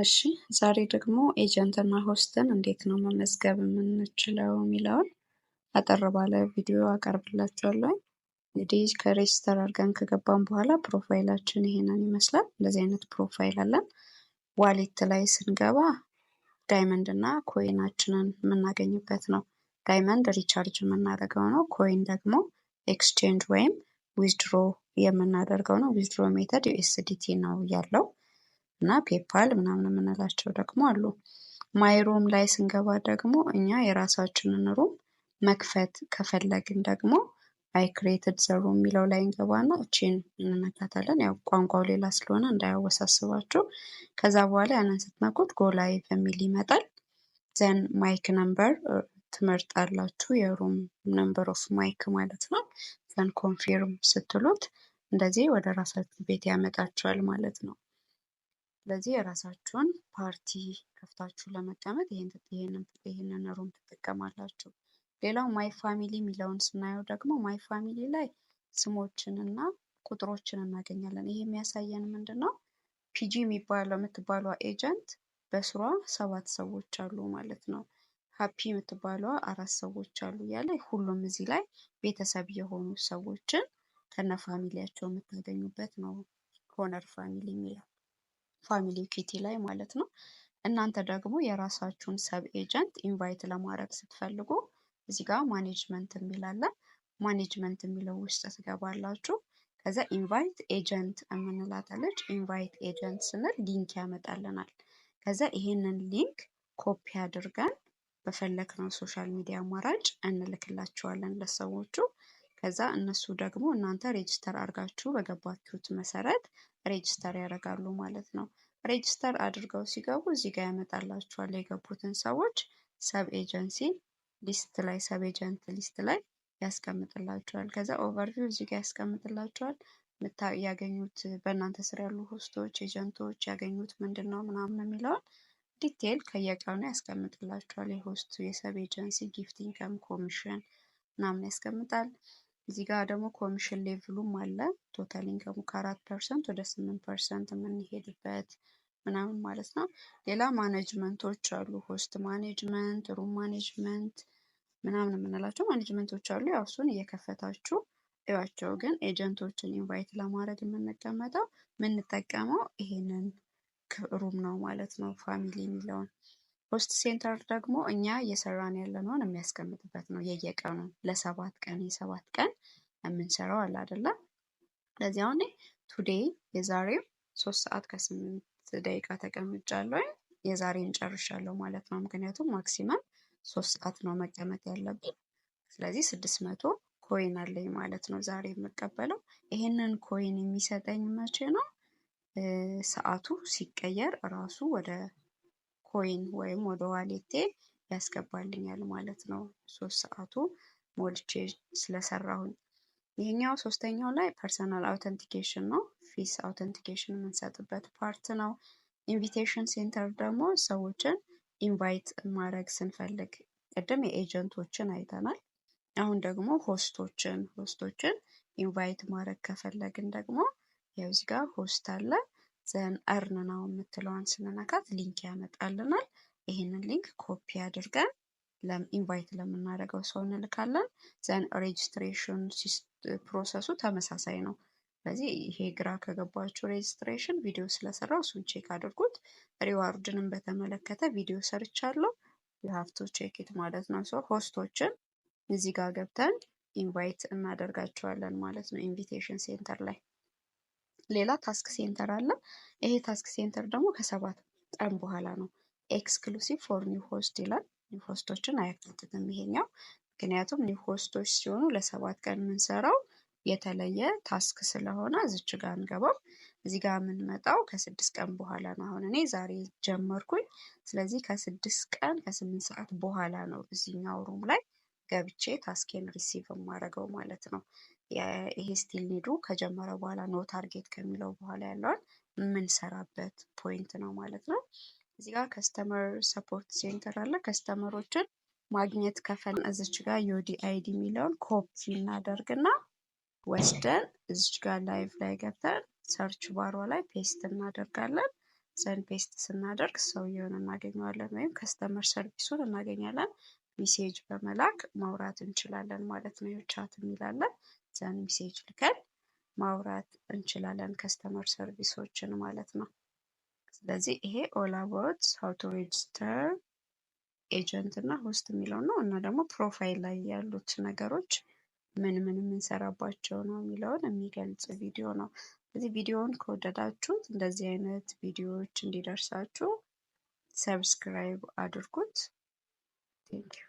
እሺ ዛሬ ደግሞ ኤጀንት እና ሆስትን እንዴት ነው መመዝገብ የምንችለው የሚለውን አጠር ባለ ቪዲዮ አቀርብላችኋለሁ። እንግዲህ ከሬጅስተር አድርገን ከገባን በኋላ ፕሮፋይላችን ይሄንን ይመስላል። እንደዚህ አይነት ፕሮፋይል አለን። ዋሌት ላይ ስንገባ ዳይመንድ እና ኮይናችንን የምናገኝበት ነው። ዳይመንድ ሪቻርጅ የምናደርገው ነው። ኮይን ደግሞ ኤክስቼንጅ ወይም ዊዝድሮ የምናደርገው ነው። ዊዝድሮ ሜተድ ዩኤስዲቲ ነው ያለው። እና ፔፓል ምናምን የምንላቸው ደግሞ አሉ። ማይሮም ላይ ስንገባ ደግሞ እኛ የራሳችንን ሩም መክፈት ከፈለግን ደግሞ አይ ክሬትድ ዘሩ የሚለው ላይ እንገባና እቺን እንነካታለን። ያው ቋንቋው ሌላ ስለሆነ እንዳያወሳስባችሁ። ከዛ በኋላ ያንን ስትነኩት ጎ ላይቭ የሚል ይመጣል። ዘን ማይክ ነምበር ትመርጣላችሁ። የሩም ነምበር ኦፍ ማይክ ማለት ነው። ዘን ኮንፊርም ስትሉት እንደዚህ ወደ ራሳችሁ ቤት ያመጣችኋል ማለት ነው። ስለዚህ የራሳችሁን ፓርቲ ከፍታችሁ ለመቀመጥ ይህንን ሩም ትጠቀማላችሁ። ሌላው ማይ ፋሚሊ የሚለውን ስናየው ደግሞ ማይ ፋሚሊ ላይ ስሞችን እና ቁጥሮችን እናገኛለን። ይህ የሚያሳየን ምንድን ነው? ፒጂ የሚባለው የምትባሏ ኤጀንት በስሯ ሰባት ሰዎች አሉ ማለት ነው። ሀፒ የምትባለዋ አራት ሰዎች አሉ እያለ ሁሉም እዚህ ላይ ቤተሰብ የሆኑ ሰዎችን ከነ ፋሚሊያቸው የምታገኙበት ነው። ሆነር ፋሚሊ የሚለው ፋሚሊ ኪቲ ላይ ማለት ነው። እናንተ ደግሞ የራሳችሁን ሰብ ኤጀንት ኢንቫይት ለማድረግ ስትፈልጉ እዚህ ጋር ማኔጅመንት የሚላለን ማኔጅመንት የሚለው ውስጥ ትገባላችሁ። ከዛ ኢንቫይት ኤጀንት የምንላታለች። ኢንቫይት ኤጀንት ስንል ሊንክ ያመጣልናል። ከዛ ይሄንን ሊንክ ኮፒ አድርገን በፈለግነው ሶሻል ሚዲያ አማራጭ እንልክላቸዋለን ለሰዎቹ። ከዛ እነሱ ደግሞ እናንተ ሬጅስተር አድርጋችሁ በገባችሁት መሰረት ሬጅስተር ያደርጋሉ ማለት ነው። ሬጅስተር አድርገው ሲገቡ እዚህ ጋር ያመጣላችኋል የገቡትን ሰዎች ሰብ ኤጀንሲ ሊስት ላይ ሰብ ኤጀንት ሊስት ላይ ያስቀምጥላችኋል። ከዛ ኦቨርቪው እዚህ ጋር ያስቀምጥላችኋል። ያገኙት በእናንተ ስር ያሉ ሆስቶች፣ ኤጀንቶች ያገኙት ምንድን ነው ምናምን የሚለውን ዲቴል ከየቀኑ ያስቀምጥላችኋል። የሆስቱ የሰብ ኤጀንሲ ጊፍት ኢንከም ኮሚሽን ምናምን ያስቀምጣል። እዚህ ጋር ደግሞ ኮሚሽን ሌቭሉም አለ። ቶታል ኢንከሙ ከአራት ፐርሰንት ወደ ስምንት ፐርሰንት የምንሄድበት ምናምን ማለት ነው። ሌላ ማኔጅመንቶች አሉ። ሆስት ማኔጅመንት፣ ሩም ማኔጅመንት ምናምን የምንላቸው ማኔጅመንቶች አሉ። ያው እሱን እየከፈታችሁ እያቸው። ግን ኤጀንቶችን ኢንቫይት ለማድረግ የምንቀመጠው የምንጠቀመው ይሄንን ሩም ነው ማለት ነው ፋሚሊ የሚለውን ሆስት ሴንተር ደግሞ እኛ እየሰራን ያለነውን የሚያስቀምጥበት ነው። የየቀኑ ለሰባት ቀን የሰባት ቀን የምንሰራው አለ አይደለም። ስለዚህ አሁን ቱዴይ የዛሬው ሶስት ሰዓት ከስምንት ደቂቃ ተቀምጫለሁ። የዛሬን ጨርሻለሁ ማለት ነው። ምክንያቱም ማክሲመም ሶስት ሰዓት ነው መቀመጥ ያለብኝ። ስለዚህ ስድስት መቶ ኮይን አለኝ ማለት ነው ዛሬ የምቀበለው። ይሄንን ኮይን የሚሰጠኝ መቼ ነው? ሰዓቱ ሲቀየር ራሱ ወደ ኮይን ወይም ወደ ዋሌቴ ያስገባልኛል ማለት ነው። ሶስት ሰዓቱ ሞልቼ ስለሰራሁኝ። ይህኛው ሶስተኛው ላይ ፐርሰናል አውተንቲኬሽን ነው። ፊስ አውተንቲኬሽን የምንሰጥበት ፓርት ነው። ኢንቪቴሽን ሴንተር ደግሞ ሰዎችን ኢንቫይት ማድረግ ስንፈልግ ቅድም የኤጀንቶችን አይተናል። አሁን ደግሞ ሆስቶችን ሆስቶችን ኢንቫይት ማድረግ ከፈለግን ደግሞ ያው እዚህ ጋር ሆስት አለ። እርን ነው የምትለዋን ስንነካት ሊንክ ያመጣልናል። ይህንን ሊንክ ኮፒ አድርገን ኢንቫይት ለምናደርገው ሰው እንልካለን። ዘን ሬጅስትሬሽን ፕሮሰሱ ተመሳሳይ ነው። ስለዚህ ይሄ ግራ ከገባችሁ ሬጅስትሬሽን ቪዲዮ ስለሰራው እሱን ቼክ አድርጉት። ሪዋርድንም በተመለከተ ቪዲዮ ሰርቻለሁ። የሀፍቶ ቼክት ማለት ነው። ሰው ሆስቶችን እዚህ ጋር ገብተን ኢንቫይት እናደርጋቸዋለን ማለት ነው ኢንቪቴሽን ሴንተር ላይ ሌላ ታስክ ሴንተር አለ። ይሄ ታስክ ሴንተር ደግሞ ከሰባት ቀን በኋላ ነው። ኤክስክሉሲቭ ፎር ኒው ሆስት ይላል። ኒው ሆስቶችን አያካትትም ይሄኛው። ምክንያቱም ኒው ሆስቶች ሲሆኑ ለሰባት ቀን የምንሰራው የተለየ ታስክ ስለሆነ እዚች ጋር አንገባም። እዚህ ጋር የምንመጣው ከስድስት ቀን በኋላ ነው። አሁን እኔ ዛሬ ጀመርኩኝ። ስለዚህ ከስድስት ቀን ከስምንት ሰዓት በኋላ ነው እዚህኛው ሩም ላይ ገብቼ ታስኬን ሪሲቭ የማደርገው ማለት ነው። ይሄ ስቲል ኒዱ ከጀመረ በኋላ ኖ ታርጌት ከሚለው በኋላ ያለውን የምንሰራበት ፖይንት ነው ማለት ነው። እዚህ ጋር ከስተመር ሰፖርት ሴንተር አለ። ከስተመሮችን ማግኘት ከፈን እዚች ጋር ዩዲ አይዲ የሚለውን ኮፒ እናደርግና ወስደን እዚች ጋር ላይቭ ላይ ገብተን ሰርች ባሯ ላይ ፔስት እናደርጋለን። ዘን ፔስት ስናደርግ ሰውየውን እናገኘዋለን ወይም ከስተመር ሰርቪሱን እናገኛለን። ሜሴጅ በመላክ ማውራት እንችላለን ማለት ነው። ቻት የሚላለን እዛን ሚሴጅ ልከን ማውራት እንችላለን ከስተመር ሰርቪሶችን ማለት ነው። ስለዚህ ይሄ ኦል አባውት ሃው ቱ ሬጅስተር ኤጀንት እና ሆስት የሚለው ነው እና ደግሞ ፕሮፋይል ላይ ያሉት ነገሮች ምን ምን የምንሰራባቸው ነው የሚለውን የሚገልጽ ቪዲዮ ነው። ስለዚህ ቪዲዮውን ከወደዳችሁት እንደዚህ አይነት ቪዲዮዎች እንዲደርሳችሁ ሰብስክራይብ አድርጉት። ቴንኪዩ